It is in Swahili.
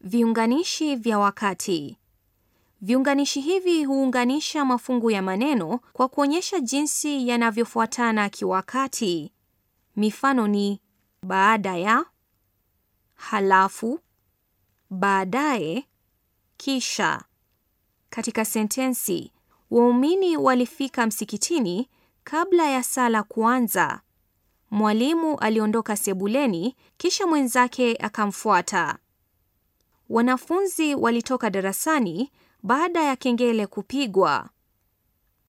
Viunganishi vya wakati. Viunganishi hivi huunganisha mafungu ya maneno kwa kuonyesha jinsi yanavyofuatana kiwakati. Mifano ni baada ya, halafu, baadaye, kisha. Katika sentensi, waumini walifika msikitini kabla ya sala kuanza. Mwalimu aliondoka sebuleni kisha mwenzake akamfuata. Wanafunzi walitoka darasani baada ya kengele kupigwa.